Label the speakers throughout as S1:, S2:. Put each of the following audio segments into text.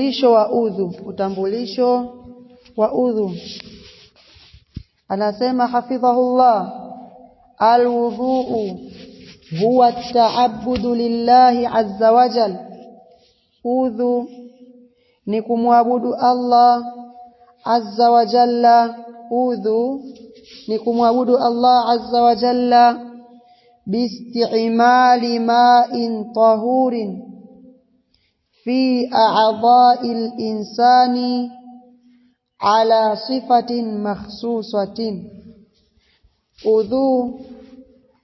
S1: Utambulisho wa udhu, utambulisho wa udhu. Anasema hafidhahullah, alwudhu huwa at-ta'abbudu lillahi azza wa Udhu ni kumwabudu Allah azza wa Udhu ni kumwabudu Allah azza wa jalla biistimali ma'in tahurin في أعضاء insani ala sifatin makhsusatin udhu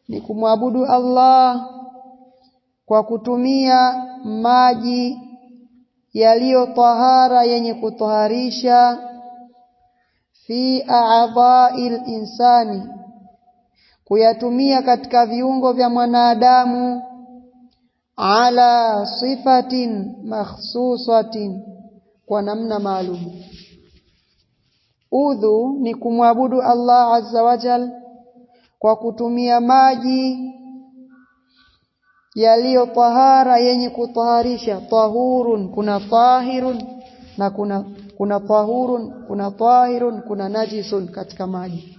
S1: ni kumwabudu Allah kwa kutumia maji yaliyo tahara yenye kutoharisha fi a'dha'il insani kuyatumia katika viungo vya mwanadamu ala sifatin makhsusatin kwa namna maalum udhu ni kumwabudu Allah azza wajal kwa kutumia maji yaliyo tahara yenye kutaharisha tahurun kuna tahirun na kuna kuna tahurun kuna tahirun kuna najisun katika maji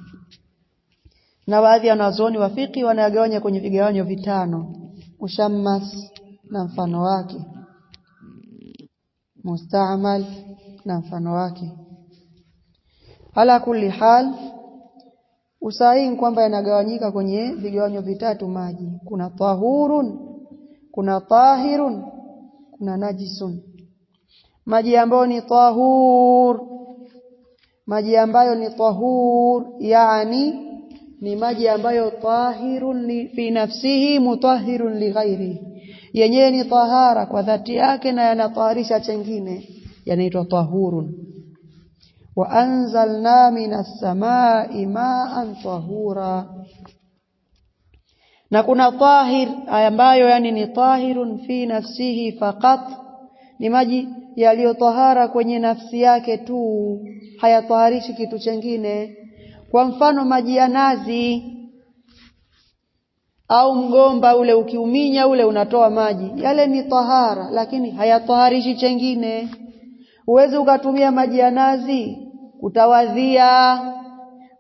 S1: na baadhi ya wanazoni wafiki wanayagawanya kwenye vigawanyo vitano mushammas na mfano wake musta'mal na mfano wake ala kulli hal usahihi kwamba yanagawanyika kwenye vigawanyo vitatu maji kuna tahurun kuna tahirun kuna najisun maji ambayo ni tahur maji ambayo ni tahur yani ni maji ambayo tahirun fi nafsihi mutahhirun li ghairi yenyewe ni tahara kwa dhati yake na yanataharisha chengine yanaitwa tahurun wa anzalna minas samaa'i ma'an tahura na kuna tahir ambayo yani ni tahirun fi nafsihi faqat ni maji yaliyotahara kwenye nafsi yake tu hayataharishi kitu chengine kwa mfano maji ya nazi au mgomba ule ukiuminya ule unatoa maji yale ni tahara lakini hayataharishi chengine uweze ukatumia maji ya nazi kutawadhia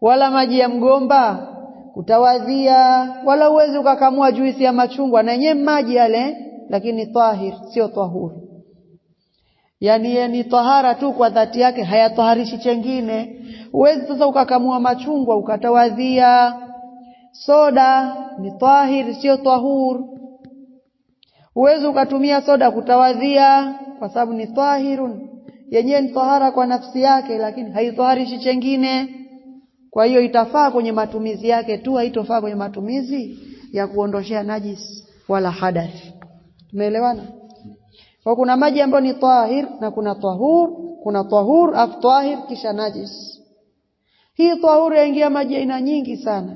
S1: wala maji ya mgomba kutawadhia wala uweze ukakamua juisi ya machungwa na yenyewe maji yale lakini tahir sio tahuru yani ni tahara tu kwa dhati yake hayataharishi chengine uwezi sasa ukakamua machungwa ukatawadhia. Soda ni tahir, sio tahur. uwezi ukatumia soda kutawadhia, kwa sababu ni tahirun, yenyewe ni tahara kwa nafsi yake, lakini haitaharishi chengine. Kwa hiyo itafaa kwenye matumizi yake tu, haitofaa kwenye matumizi ya kuondoshea najis wala hadath. Tumeelewana? Kwa kuna maji ambayo ni tahir na kuna tahur, kuna tahur afu tahir kisha najis. Hii taura yaingia maji aina nyingi sana.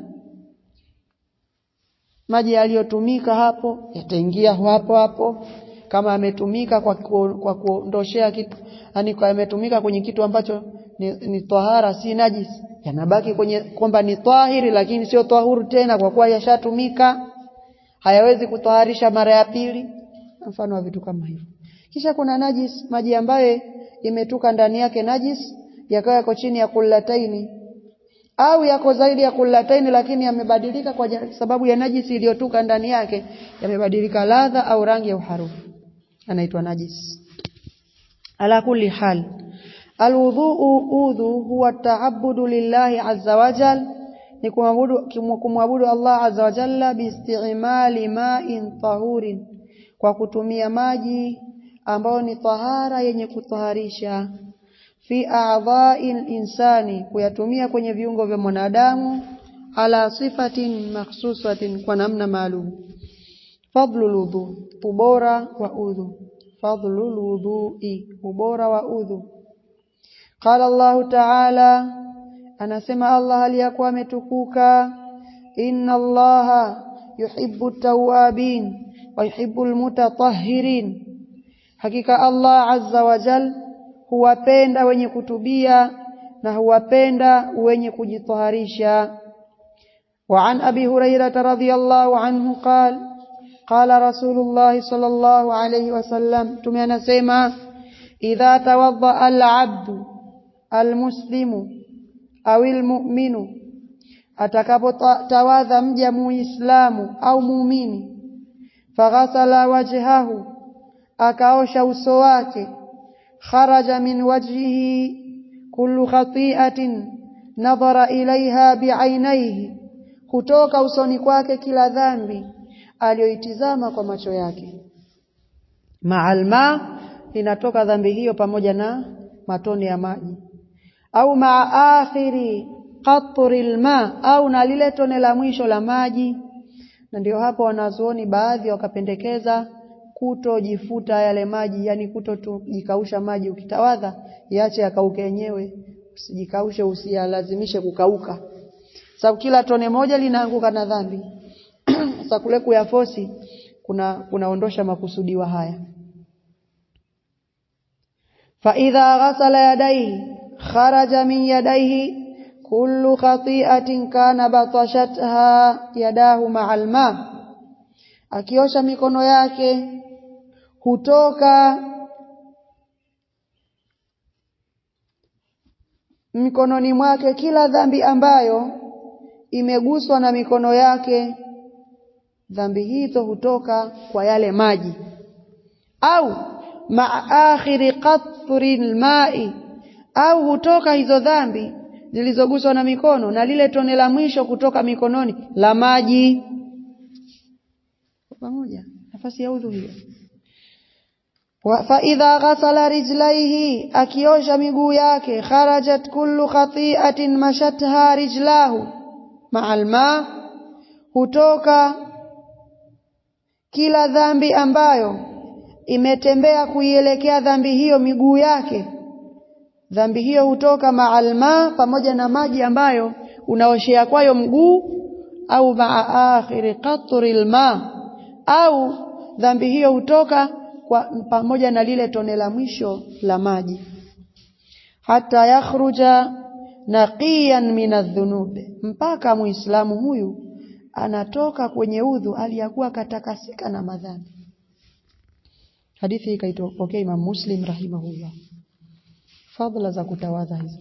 S1: Maji yaliyotumika hapo yataingia hapo hapo kama ametumika kwa ku, kwa kuondoshea kitu yani kwa ametumika kwenye kitu ambacho ni, ni tahara si najisi yanabaki kwenye kwamba ni tahiri lakini sio tahuru tena kwa kuwa yashatumika hayawezi kutaharisha mara ya pili mfano wa vitu kama hivyo kisha kuna najis maji ambaye imetuka ndani yake najis yakawa yako chini ya kullataini au yako zaidi ya kullataini lakini yamebadilika kwa sababu ya najisi iliyotuka ndani yake yamebadilika ladha au rangi au harufu anaitwa najisi ala kulli hal alwudhuu udhu huwa taabudu lillahi azza wajal ni kumwabudu kumwabudu Allah azza wajalla biistimali ma'in tahurin kwa kutumia maji ambayo ni tahara yenye kutaharisha fi a'dha'il insani kuyatumia kwenye viungo vya mwanadamu ala sifatin makhsusatin kwa namna maalum fadlu wudu ubora wa udhu fadlul wudu'i ubora wa udhu qala Allah ta'ala anasema Allah aliyakuwa ametukuka inna Allah yuhibbu tawabin wa yuhibbu almutatahhirin hakika Allah azza wa jalla huwapenda wenye kutubia na huwapenda wenye kujitaharisha وعن أبي هريرة رضي الله عنه قال قال رسول الله صلى الله عليه وسلم تمينا سيما إذا توضأ العبد المسلم أو المؤمن أتكبتواذا مجا إسلام أو مؤمن فغسل وجهه أكاوش وسواته خرج من وجهه كل khatiatin نظر ilaiha بعينيه kutoka usoni kwake kila dhambi aliyoitizama kwa macho yake maalma inatoka dhambi hiyo pamoja na matone ya maji au maa akhiri qatri alma au na lile tone la mwisho la maji na ndio hapo wanazuoni baadhi wakapendekeza kutojifuta yale maji yani kutojikausha maji ukitawadha yache yakauke yenyewe usijikaushe usiyalazimishe kukauka sababu kila tone moja linaanguka na dhambi sasa kule kuyafosi kuna kunaondosha makusudiwa haya fa idha ghasala yadaihi kharaja min yadaihi kullu khati'atin kana batashatha yadahu ma'al ma akiosha mikono yake kutoka mikononi mwake kila dhambi ambayo imeguswa na mikono yake, dhambi hizo hutoka kwa yale maji. Au maa akhiri qathri lmai, au hutoka hizo dhambi zilizoguswa na mikono na lile tone la mwisho kutoka mikononi la maji. Pamoja nafasi ya udhu hiyo faidha ghasala rijlaihi, akiosha miguu yake, kharajat kullu khati'atin mashatha rijlahu ma'al ma, hutoka kila dhambi ambayo imetembea kuielekea dhambi hiyo miguu yake, dhambi hiyo hutoka ma'al ma, pamoja na maji ambayo unaoshea kwayo mguu, au maa akhiri qatril ma, au dhambi hiyo hutoka kwa pamoja na lile tone la mwisho la maji hata yakhruja naqiyan minadhunubi mpaka muislamu huyu anatoka kwenye udhu aliyakuwa katakasika na madhambi hadithi hii kaitokea okay, Imam Muslim rahimahullah fadla za kutawadha hizo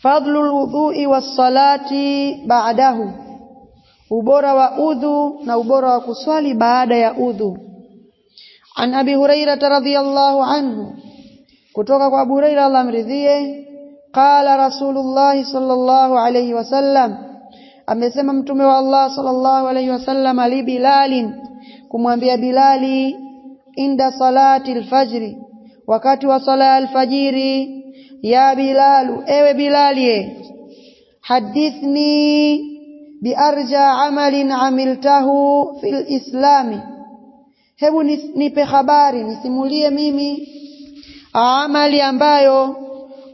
S1: fadlu alwudhu'i was ba'dahu ubora wa udhu na ubora wa kuswali baada ya udhu an abi hurairah radhiyallahu anhu kutoka kwa abu huraira Allah amridhie qala rasulullah sallallahu alayhi wasallam amesema mtume wa Allah sallallahu alayhi wasallam ali bilalin kumwambia bilali inda salati alfajri wakati wa sala alfajiri ya bilalu ewe bilali hadithni biarja amalin amiltahu fil islami hebu nipe habari nisimulie mimi amali ambayo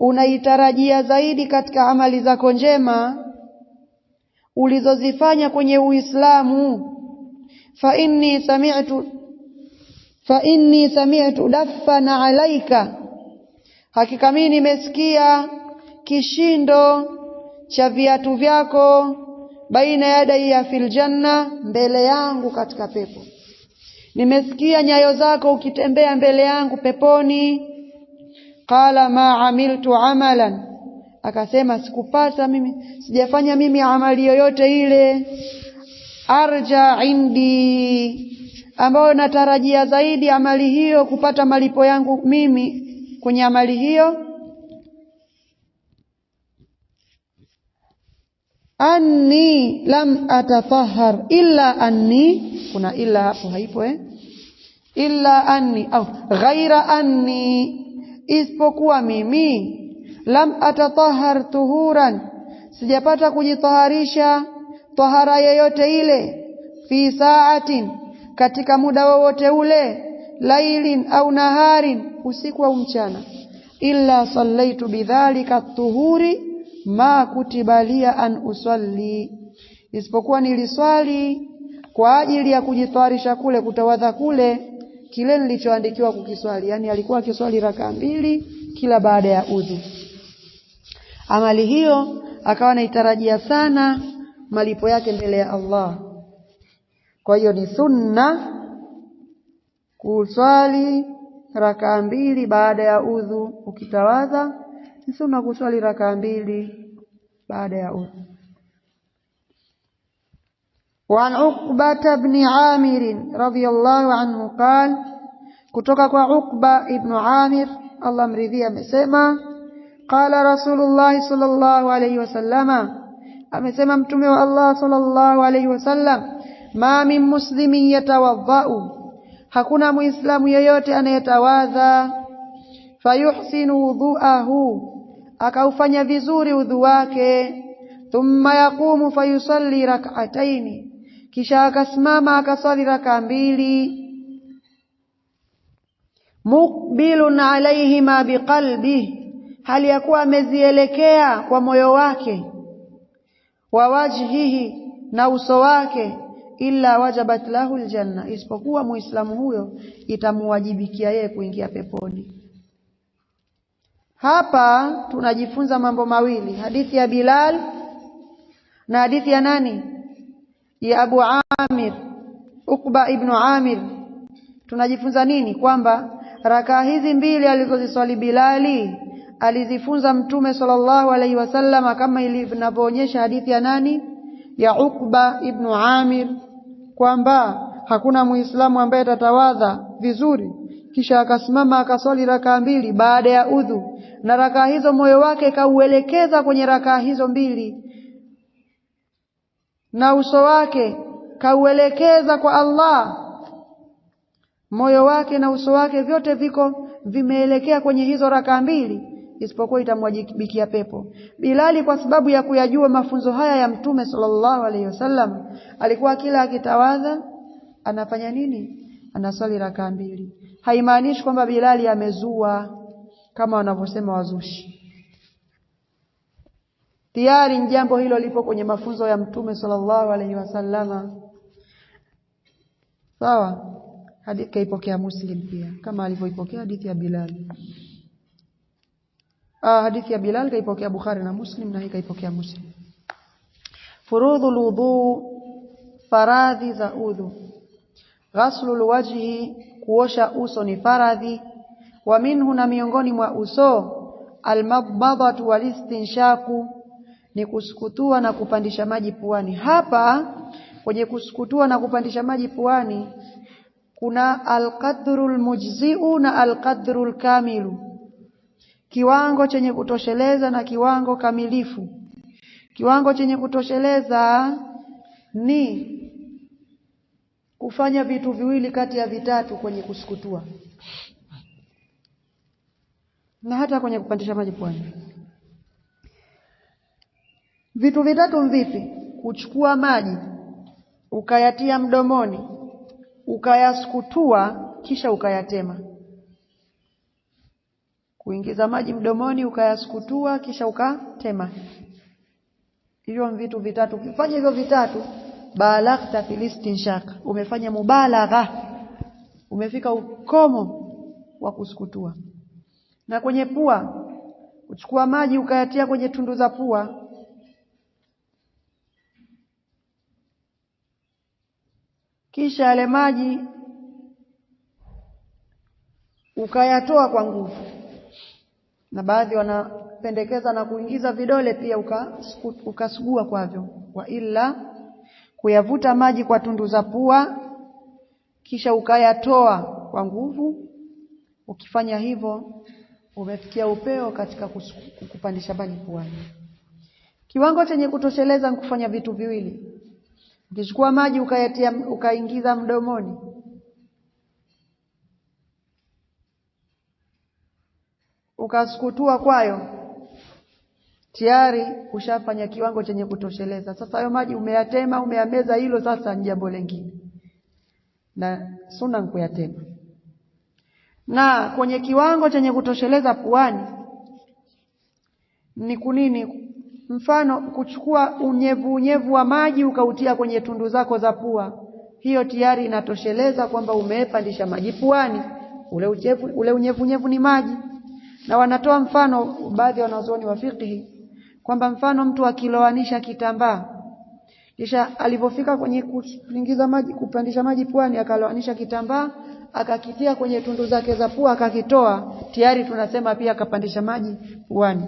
S1: unaitarajia zaidi katika amali zako njema ulizozifanya kwenye Uislamu fa inni sami'tu fa inni sami'tu daffana alaika hakika mimi nimesikia kishindo cha viatu vyako baina yadai ya filjanna mbele yangu katika pepo nimesikia nyayo zako ukitembea mbele yangu peponi. Qala ma amiltu amalan, akasema sikupata mimi, sijafanya mimi amali yoyote ile. Arja indi, ambayo natarajia zaidi amali hiyo kupata malipo yangu mimi kwenye amali hiyo anni lam atatahhar illa anni kuna illa hapo haipo eh illa anni au ghaira anni isipokuwa mimi lam atatahhar tuhuran sijapata kujitaharisha tahara yoyote ile fi saatin katika muda wowote ule lailin au naharin usiku au mchana illa sallaitu bidhalika tuhuri ma kutibalia an usalli, isipokuwa niliswali kwa ajili ya kujitwarisha kule kutawadha kule kile nilichoandikiwa kukiswali. Yani alikuwa akiswali raka mbili kila baada ya udhu. Amali hiyo akawa naitarajia sana malipo yake mbele ya Allah. Kwa hiyo ni sunna kuswali rakaa mbili baada ya udhu ukitawadha Sunna kuswali rakaa mbili baada ya udhu. وعن عقبة بن عامر رضي الله qal kutoka kwa Uqba ibnu Amir Allah mridhia amesema qala Rasulullah sallallahu alayhi wasallama amesema mtume wa Allah sal sallallahu alayhi wasallam ma min muslimin yatawadhau hakuna muislamu yeyote anayetawadha fayuhsinu wudhuahu akaufanya vizuri udhu wake thumma yaqumu fayusalli rak'ataini kisha akasimama akaswali raka mbili muqbilun alaihima biqalbihi hali ya kuwa amezielekea kwa moyo wake wa wajhihi na uso wake illa wajabat lahu aljanna isipokuwa muislamu huyo itamuwajibikia yeye kuingia peponi hapa tunajifunza mambo mawili, hadithi ya Bilal na hadithi ya nani? Ya Abu Amir Ukba ibnu Amir. Tunajifunza nini? Kwamba rakaa hizi mbili alizoziswali Bilali alizifunza Mtume sallallahu alaihi wasallam kama ilivyoonyesha hadithi ya nani? Ya Ukba ibnu Amir, kwamba hakuna Muislamu ambaye atatawadha vizuri kisha akasimama akaswali rakaa mbili baada ya udhu, na rakaa hizo moyo wake kauelekeza kwenye rakaa hizo mbili, na uso wake kauelekeza kwa Allah. Moyo wake na uso wake vyote viko vimeelekea kwenye hizo rakaa mbili, isipokuwa itamwajibikia pepo. Bilali kwa sababu ya kuyajua mafunzo haya ya Mtume sallallahu alaihi wasallam, alikuwa kila akitawadha anafanya nini? anaswali rakaa mbili haimaanishi kwamba Bilali amezua kama wanavyosema wazushi tayari jambo hilo lipo kwenye mafunzo ya mtume sallallahu alaihi wasallama sawa hadithi kaipokea muslim pia kama alivyoipokea hadithi ya bilali ah hadithi ya Bilal kaipokea Bukhari na Muslim na hii kaipokea Muslim Furudhu wudhu faradhi za udhu ghaslul wajhi kuosha uso ni faradhi wa minhu na miongoni mwa uso almadmadatu walistinshaku ni kusukutua na kupandisha maji puani hapa kwenye kusukutua na kupandisha maji puani kuna alqadrul mujziu na alqadrul kamilu kiwango chenye kutosheleza na kiwango kamilifu kiwango chenye kutosheleza ni kufanya vitu viwili kati ya vitatu kwenye kusukutua na hata kwenye kupandisha maji pwani vitu vitatu mvipi kuchukua maji ukayatia mdomoni ukayasukutua kisha ukayatema kuingiza maji mdomoni ukayasukutua kisha ukatema hivyo vitu vitatu kifanye hivyo vitatu balaghta fil umefanya mubalagha umefika ukomo wa kusukutua na kwenye pua uchukua maji ukayatia kwenye tundu za pua kisha yale maji ukayatoa kwa nguvu na baadhi wanapendekeza na kuingiza vidole pia ukasugua uka kwavyo wa illa kuyavuta maji kwa tundu za pua, kisha ukayatoa kwa nguvu. Ukifanya hivyo, umefikia upeo katika kupandisha maji puani. Kiwango chenye kutosheleza kufanya vitu viwili. Ukichukua maji ukayatia ukaingiza mdomoni, ukasukutua kwayo tayari ushafanya kiwango chenye kutosheleza sasa hayo maji umeyatema umeyameza hilo sasa ni jambo lingine na suna kuyatema na kwenye kiwango chenye kutosheleza puani ni kunini mfano kuchukua unyevu unyevu wa maji ukautia kwenye tundu zako za pua hiyo tayari inatosheleza kwamba umepandisha maji puani ule ule unyevu unyevu ni maji na wanatoa mfano baadhi ya wanazuoni wa fiqhi kwamba mfano mtu akiloanisha kitambaa kisha alipofika kwenye kuingiza maji kupandisha maji puani akaloanisha kitambaa akakitia kwenye tundu zake za pua akakitoa tayari tunasema pia akapandisha maji puani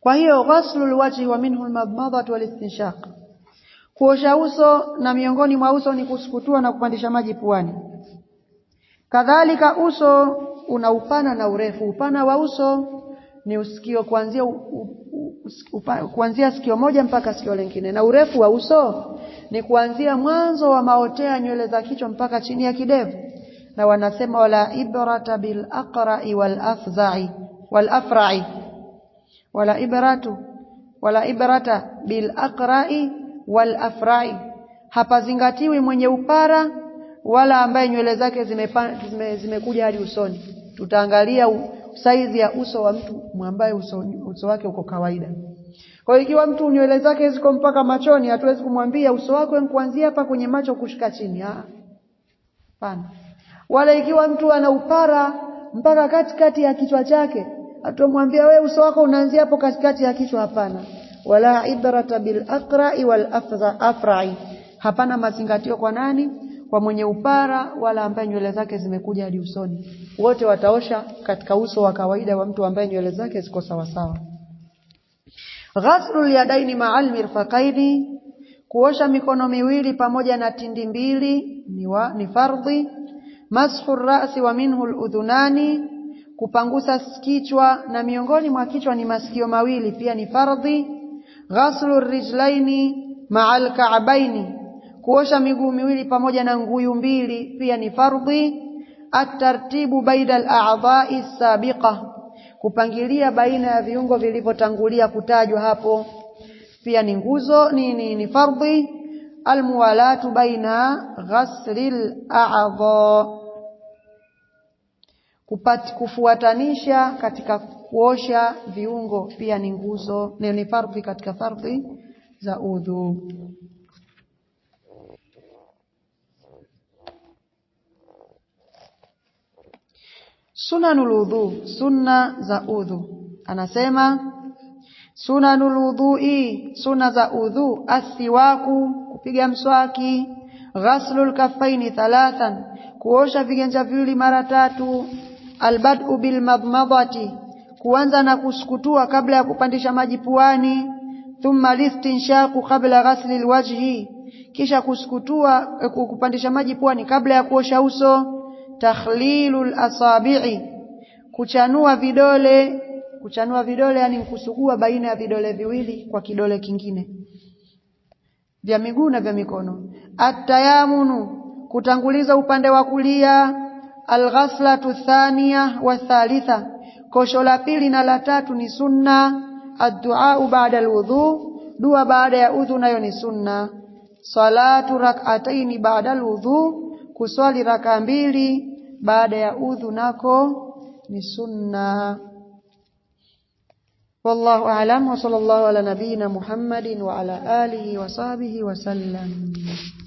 S1: kwa hiyo ghaslul wajhi wa minhu almadmadatu walistinshaq kuosha uso na miongoni mwa uso ni kusukutua na kupandisha maji puani kadhalika uso una upana na urefu upana wa uso ni usikio kuanzia kuanzia sikio moja mpaka sikio lingine, na urefu wa uso ni kuanzia mwanzo wa maotea nywele za kichwa mpaka chini ya kidevu. Na wanasema wala ibrata bil aqra'i wal afza'i wal afra'i, wala ibratu wala ibrata bil aqra'i wal afra'i, hapazingatiwi mwenye upara wala ambaye nywele zake zimekuja zime, zime hadi usoni. Tutaangalia saizi ya uso wa mtu ambaye uso, uso wake uko kawaida kwa hiyo ikiwa mtu nywele zake ziko mpaka machoni hatuwezi kumwambia uso wako kuanzia hapa kwenye macho kushika chini ah pana wala ikiwa mtu ana upara mpaka katikati ya kichwa chake atomwambia we uso wako unaanzia hapo katikati ya kichwa hapana wala ibrata bil aqra'i wal afra'i hapana mazingatio kwa nani kwa mwenye upara wala ambaye nywele zake zimekuja hadi usoni wote wataosha katika uso wa kawaida wa mtu ambaye nywele zake ziko sawa sawa ghaslu yadaini ma'al mirfaqaini kuosha mikono miwili pamoja na tindi mbili ni, wa, ni fardhi mashu rasi wa minhu ludhunani kupangusa kichwa na miongoni mwa kichwa ni masikio mawili pia ni fardhi ghaslu rijlaini ma'al ka'baini Kuosha miguu miwili pamoja na nguyu mbili pia ni fardhi. Atartibu baina al-a'dha'i sabiqa, kupangilia baina ya viungo vilivyotangulia kutajwa hapo pia ni nguzo ni, ni, ni fardhi. Almuwalatu baina ghasli al kupati kufuatanisha katika kuosha viungo pia ni nguzo ni, ni fardhi katika fardhi za udhu. sunanul udhu, sunna za udhu. Anasema sunanul udhui, sunna za udhu, asiwaku, kupiga mswaki, ghaslul kafaini thalathan, kuosha viganja viwili mara tatu, albad'u bil madmadati, kuanza na kusukutua kabla ya kupandisha maji puani, thumma listinshaku kabla ghasli lwajhi, kisha kusukutua eh, kupandisha maji puani kabla ya kuosha uso takhlilul asabi'i kuchanua vidole kuchanua vidole yani kusugua baina ya vidole viwili kwa kidole kingine vya miguu na vya mikono atayamunu kutanguliza upande wa kulia alghasla thania wa thalitha kosho la pili na la tatu ni sunna adduau baada alwudhu dua baada ya udhu nayo ni sunna salatu rak'ataini baada alwudhu kuswali rakaa mbili baada ya udhu nako ni sunna والله اعلم وصلى الله على نبينا محمد وعلى اله وصحبه وسلم